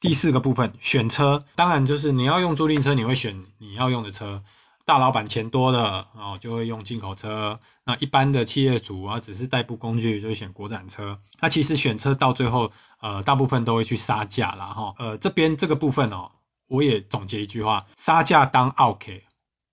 第四個部分選車，當然就是你要用租賃車，你會選你要用的車。大老闆錢多的哦，就會用進口車。那一般的企業主啊，只是代步工具，就會選國產車。那其實選車到最後，呃，大部分都會去殺價啦，哈、哦。呃，這邊這個部分哦，我也總結一句話：殺價當奧客，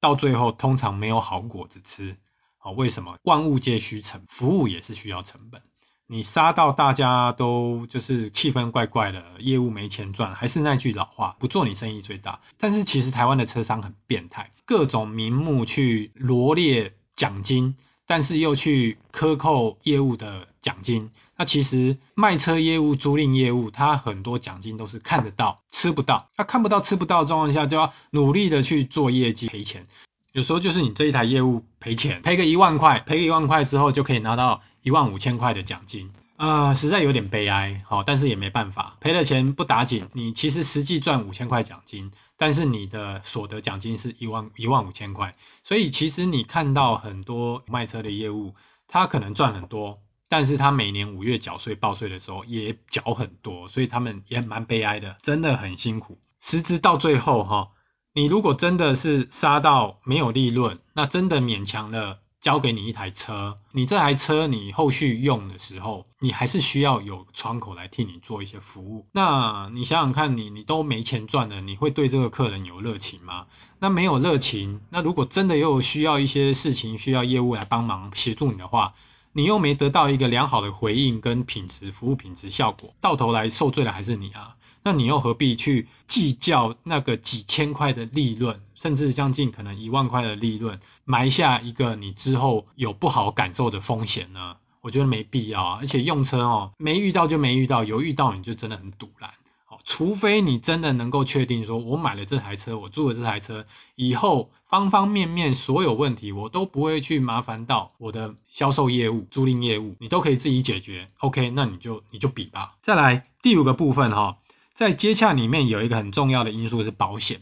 到最後通常沒有好果子吃。好、哦，為什麼？萬物皆需成本，服務也是需要成本。你殺到大家都就是氣氛怪怪的，業務沒錢賺，還是那句老話，不做你生意最大。但是其實台灣的車商很變態，各種名目去羅列獎金，但是又去克扣業務的獎金。那其實賣車業務、租賃業務，它很多獎金都是看得到、吃不到。他、啊、看不到、吃不到的狀況下，就要努力的去做業績賠錢。有時候就是你這一台業務賠錢，賠個一萬塊，賠個一萬塊之後就可以拿到，一萬五千塊的獎金，啊、呃，實在有點悲哀，好、哦，但是也沒辦法，賠了錢不打緊，你其實實際賺五千塊獎金，但是你的所得獎金是一萬一萬五千塊，所以其實你看到很多賣車的業務，他可能賺很多，但是他每年五月繳稅報稅的時候也繳很多，所以他們也蠻悲哀的，真的很辛苦，實質到最後哈、哦，你如果真的是殺到沒有利潤，那真的勉強了。交給你一台車，你這台車你後續用的時候，你還是需要有窗口來替你做一些服務。那你想想看你，你你都沒錢賺了，你會對這個客人有熱情嗎？那沒有熱情，那如果真的又需要一些事情需要業務來幫忙協助你的話，你又沒得到一個良好的回應跟品質服務品質效果，到頭來受罪的還是你啊。那你又何必去計較那個幾千塊的利潤，甚至將近可能一萬塊的利潤，埋下一個你之後有不好感受的風險呢？我覺得沒必要、啊。而且用車哦，沒遇到就沒遇到，有遇到你就真的很賭爛。哦，除非你真的能夠確定說，我買了這台車，我租了這台車以後，方方面面所有問題我都不會去麻煩到我的銷售業務、租賃業務，你都可以自己解決。OK，那你就你就比吧。再來第五個部分哈、哦。在接洽裡面有一個很重要的因素是保險。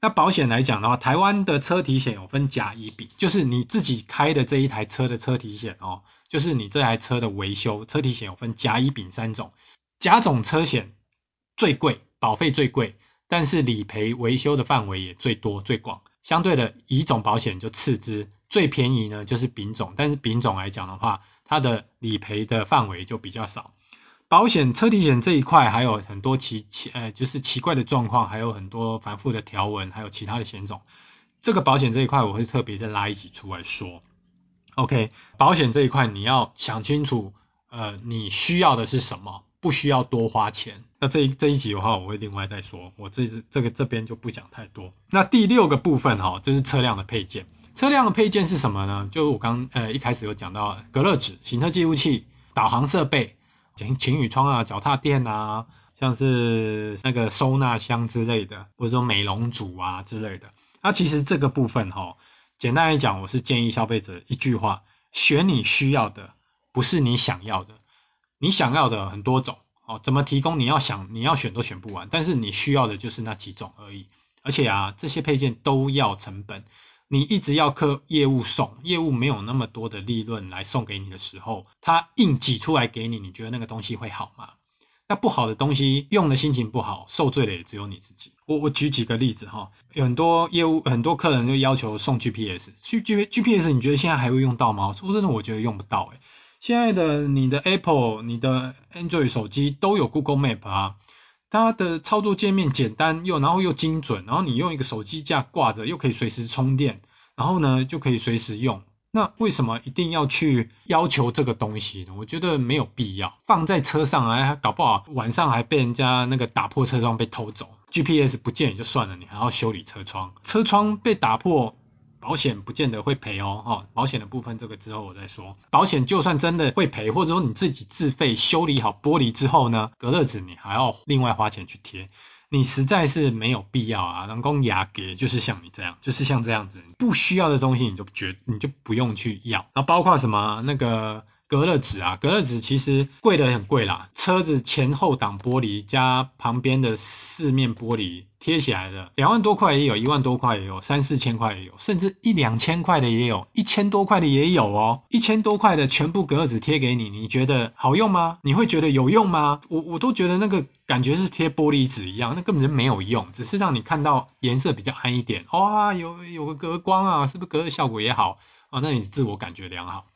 那保險來講的話，台灣的車體險有分甲、乙、丙，就是你自己開的這一台車的車體險哦，就是你這台車的維修車體險有分甲、乙、丙三種。甲種車險最貴，保費最貴，但是理賠維修的範圍也最多最廣。相對的，乙種保險就次之，最便宜呢就是丙種，但是丙種來講的話，它的理賠的範圍就比較少。保險車體險這一塊還有很多奇奇，呃就是奇怪的狀況，還有很多繁複的條文，還有其他的險種。這個保險這一塊我會特別再拉一集出來說。OK，保險這一塊你要想清楚，呃，你需要的是什麼，不需要多花錢。那這一這一集的話，我會另外再說。我這這個這邊就不講太多。那第六個部分哈，就是車輛的配件。車輛的配件是什麼呢？就我剛，呃一開始有講到隔熱紙、行車記錄器、導航設備。晴晴雨窗啊，腳踏墊啊，像是那個收納箱之類的，或者說美容組啊之類的。那、啊、其實這個部分哈、哦，簡單來講，我是建議消費者一句話：選你需要的，不是你想要的。你想要的很多種哦，怎麼提供你要想你要選都選不完。但是你需要的就是那幾種而已。而且啊，這些配件都要成本。你一直要客業務送業務沒有那麼多的利潤來送給你的時候，他硬擠出來給你，你覺得那個東西會好嗎？那不好的東西用的心情不好，受罪的也只有你自己。我我舉幾個例子哈，有很多業務很多客人就要求送 GPS, GPS，去 GPS，GPS 你覺得現在還會用到嗎？說真的，我覺得用不到哎、欸。現在的你的 Apple、你的 Android 手機都有 Google Map 啊。它的操作界面簡單又然後又精準，然後你用一個手機架掛着又可以隨時充電，然後呢就可以隨時用。那為什麼一定要去要求這個東西呢？我覺得沒有必要。放在車上啊，搞不好晚上還被人家那個打破車窗被偷走，GPS 不見也就算了，你還要修理車窗，車窗被打破。保險不見得會賠哦，哈、哦，保險的部分這個之後我再說。保險就算真的會賠，或者說你自己自費修理好玻璃之後呢，隔熱紙你還要另外花錢去貼，你實在是沒有必要啊。人工牙給就是像你這樣，就是像這樣子，不需要的東西你就絕你就不用去要。那包括什麼那個。隔熱紙啊，隔熱紙其實貴得很貴啦。車子前後擋玻璃加旁邊的四面玻璃貼起來的，兩萬多塊也有，一萬多塊也有，三四千塊也有，甚至一兩千塊的也有，一千多塊的也有哦。一千多塊的全部隔熱紙貼給你，你覺得好用嗎？你會覺得有用嗎？我我都覺得那個感覺是貼玻璃紙一樣，那根本就沒有用，只是讓你看到顏色比較暗一點。哇，有有個隔光啊，是不是隔熱效果也好啊？那你自我感覺良好。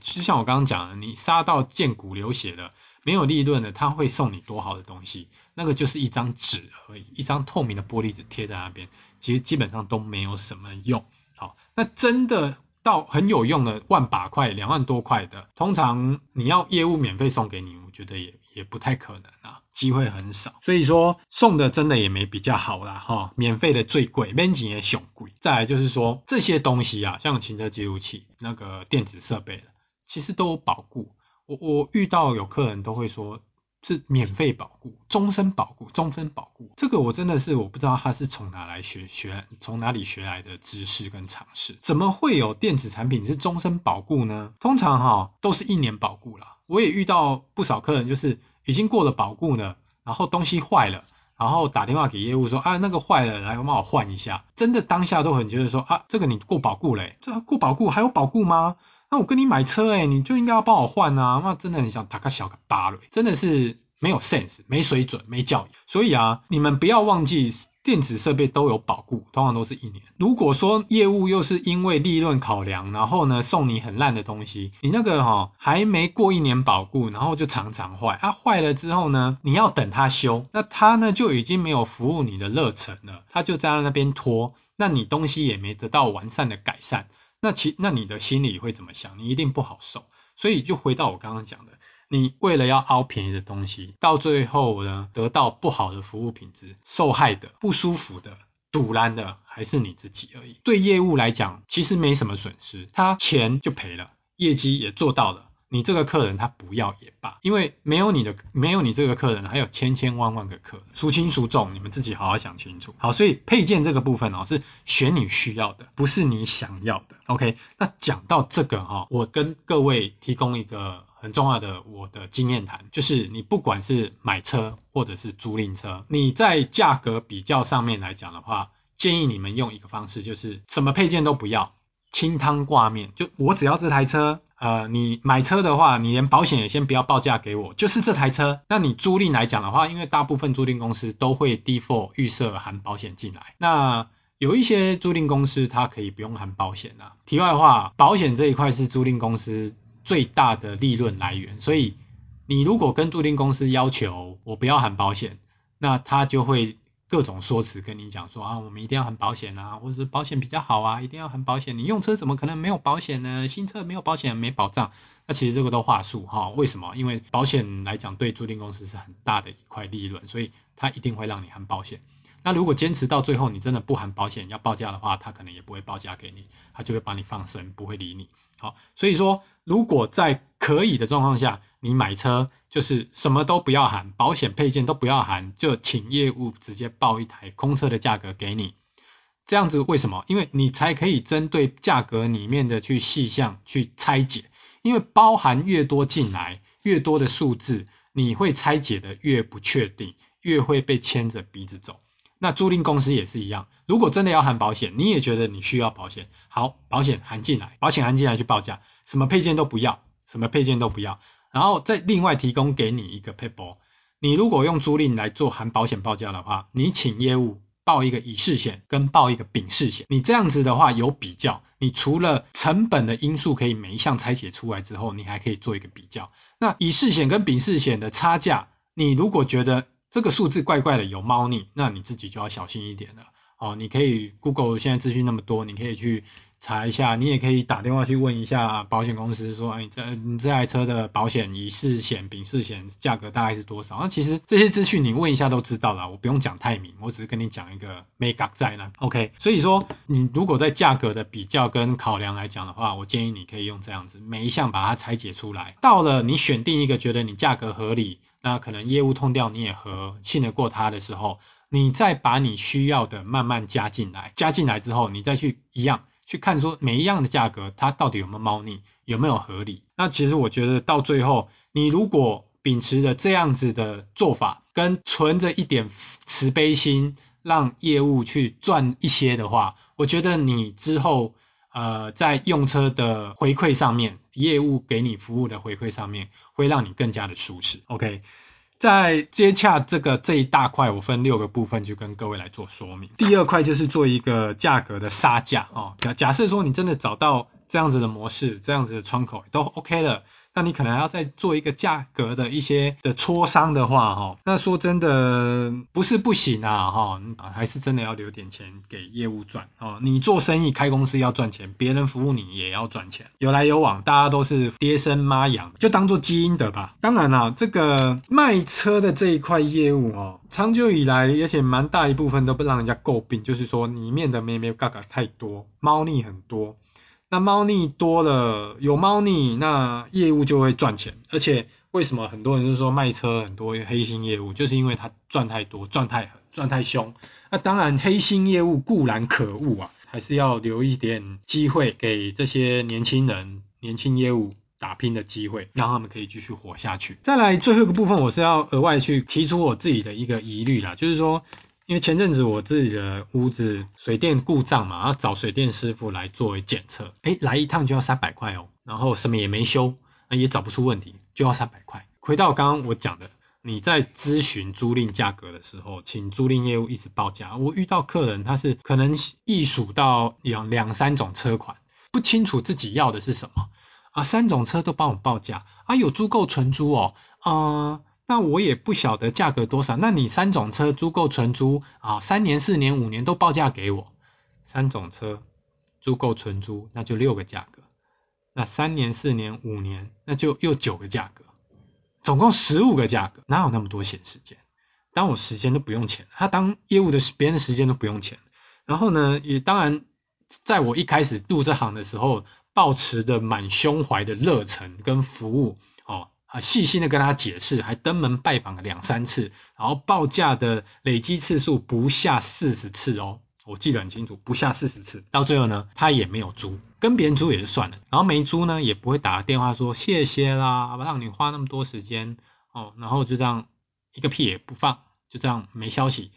就像我剛剛講的，你殺到見骨流血的沒有利潤的，他會送你多好的東西？那個就是一張紙而已，一張透明的玻璃紙貼在那邊，其實基本上都沒有什麼用。好、哦，那真的到很有用的萬把塊、兩萬多塊的，通常你要業務免費送給你，我覺得也也不太可能啊，機會很少。所以說送的真的也沒比較好啦，哈、哦，免費的最貴，面積也熊貴。再來就是說這些東西啊，像行車記錄器那個電子設備的其實都有保固，我我遇到有客人都會說是免費保固，終身保固，終身保固，這個我真的是我不知道他是從哪來學學，從哪裡學來的知識跟常識，怎麼會有電子產品是終身保固呢？通常哈、哦、都是一年保固啦，我也遇到不少客人就是已經過了保固了，然後東西壞了，然後打電話給業務說啊，那個壞了，來我幫我換一下，真的當下都很覺得說啊，這個你過保固嘞，這過保固還有保固嗎？那、啊、我跟你買車誒、欸、你就應該要幫我換啊！那真的很想打個小個巴雷，真的是沒有 sense，沒水準，沒教養。所以啊，你們不要忘記，電子設備都有保固，通常都是一年。如果說業務又是因為利潤考量，然後呢，送你很爛的東西，你那個哈、哦、還沒過一年保固，然後就常常壞啊，壞了之後呢，你要等他修，那他呢就已經沒有服務你的熱忱了，他就在他那邊拖，那你東西也沒得到完善的改善。那其那你的心裡會怎麼想？你一定不好受，所以就回到我剛剛講的，你為了要凹便宜的東西，到最後呢得到不好的服務品質，受害的、不舒服的、賭爛的，還是你自己而已。對業務來講，其實沒什麼損失，他錢就賠了，業績也做到了。你這個客人他不要也罷，因為沒有你的，沒有你這個客人，還有千千萬萬個客人。孰輕孰重，你們自己好好想清楚。好，所以配件這個部分哦，是選你需要的，不是你想要的。OK，那講到這個哈、哦，我跟各位提供一個很重要的我的經驗談，就是你不管是買車或者是租賃車，你在價格比較上面來講的話，建議你們用一個方式，就是什麼配件都不要，清湯掛麵，就我只要這台車。呃，你買車的話，你連保險也先不要報價給我，就是這台車。那你租賃來講的話，因為大部分租賃公司都會 default 預設含保險進來。那有一些租賃公司它可以不用含保險啊。題外話，保險這一塊是租賃公司最大的利潤來源，所以你如果跟租賃公司要求我不要含保險，那他就會。各種說辭跟你講說啊，我們一定要含保險啊，或者是保險比較好啊，一定要含保險。你用車怎麼可能沒有保險呢？新車沒有保險沒保障，那其實這個都話術哈、哦。為什麼？因為保險來講對租賃公司是很大的一塊利潤，所以它一定會讓你含保險。那如果堅持到最後，你真的不含保險要報價的話，他可能也不會報價給你，他就會把你放生，不會理你。好，所以說，如果在可以的狀況下，你買車就是什麼都不要含，保險配件都不要含，就請業務直接報一台空車的價格給你。這樣子為什麼？因為你才可以針對價格裡面的去細項去拆解，因為包含越多進來，越多的數字，你會拆解的越不確定，越會被牽着鼻子走。那租賃公司也是一樣，如果真的要含保險，你也覺得你需要保險，好，保險含進來，保險含進來去報價，什麼配件都不要，什麼配件都不要，然後再另外提供給你一個配包，你如果用租賃來做含保險報價的話，你請業務報一個乙式險跟報一個丙式險，你這樣子的話有比較，你除了成本的因素可以每一項拆解出來之後，你還可以做一個比較。那乙式險跟丙式險的差價，你如果覺得，這個數字怪怪的，有貓膩，那你自己就要小心一點了。哦，你可以 Google 現在資訊那麼多，你可以去。查一下，你也可以打電話去問一下保險公司，說，哎，這你這台車的保險，乙式險、丙式險價格大概是多少？那、啊、其實這些資訊你問一下都知道了，我不用講太明，我只是跟你講一個 make up 在那，OK。所以說，你如果在價格的比較跟考量來講的話，我建議你可以用這樣子，每一項把它拆解出來。到了你選定一個覺得你價格合理，那可能業務通掉你也和信得過它的時候，你再把你需要的慢慢加進來，加進來之後，你再去一樣。去看說每一樣的價格，它到底有沒有貓膩，有沒有合理？那其實我覺得到最後，你如果秉持着這樣子的做法，跟存着一點慈悲心，讓業務去賺一些的話，我覺得你之後，呃，在用車的回饋上面，業務給你服務的回饋上面，會讓你更加的舒適。OK。在接洽這個這一大塊，我分六個部分就跟各位來做說明。第二塊就是做一個價格的殺價啊，假假設說你真的找到這樣子的模式，這樣子的窗口都 OK 了。那你可能要再做一個價格的一些的磋商的話，哈，那說真的不是不行啊，哈，還是真的要留點錢給業務賺哦。你做生意開公司要賺錢，別人服務你也要賺錢，有來有往，大家都是爹生媽養，就當做基因的吧。當然啦、啊，這個賣車的這一塊業務哦，長久以來，而且蠻大一部分都不讓人家詬病，就是說裡面的眉眉角角太多，貓膩很多。那貓膩多了，有貓膩，那業務就會賺錢。而且為什麼很多人就說賣車很多黑心業務，就是因為它賺太多，賺太，賺太凶。那、啊、當然，黑心業務固然可惡啊，還是要留一點機會給這些年輕人、年輕業務打拼的機會，讓他們可以繼續活下去。再來最後一個部分，我是要額外去提出我自己的一個疑慮啦，就是說。因為前陣子我自己的屋子水電故障嘛，要找水電師傅來做檢測，誒，來一趟就要三百塊哦，然後什麼也沒修，也找不出問題，就要三百塊。回到剛剛我講的，你在諮詢租賃價格的時候，請租賃業務一直報價。我遇到客人他是可能一數到兩兩三種車款，不清楚自己要的是什麼啊，三種車都幫我報價啊，有租夠存租哦，啊、呃。那我也不曉得價格多少。那你三種車租購純租啊、哦，三年、四年、五年都報價給我。三種車租購純租，那就六個價格。那三年、四年、五年，那就又九個價格，總共十五個價格，哪有那麼多閒時間？當我時間都不用錢，他當業務的別人的時間都不用錢。然後呢，也當然，在我一開始入這行的時候，抱持的滿胸懷的熱忱跟服務哦。啊，細心的跟他解釋，還登門拜訪了兩三次，然後報價的累積次數不下四十次哦，我記得很清楚，不下四十次。到最後呢，他也沒有租，跟別人租也就算了，然後沒租呢，也不會打個電話說謝謝啦，讓你花那麼多時間哦，然後就這樣一個屁也不放，就這樣沒消息。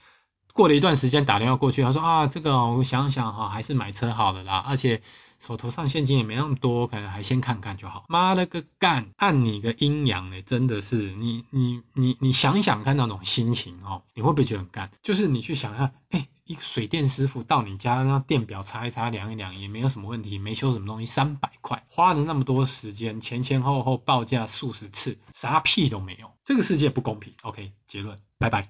過了一段時間打電話過去，他說啊，這個、哦、我想想哈、哦，還是買車好了啦，而且。手頭上現金也沒那麼多，可能還先看看就好。媽了個幹，按你個陰陽嘞，欸，真的是你你你你想想看那種心情哦，你會不會覺得很幹？就是你去想一下，哎，欸，一個水電師傅到你家那個、電表擦一擦，量一量，也沒有什麼問題，沒修什麼東西，三百塊花了那麼多時間，前前後後報價數十次，啥屁都沒有。這個世界不公平。OK，結論，拜拜。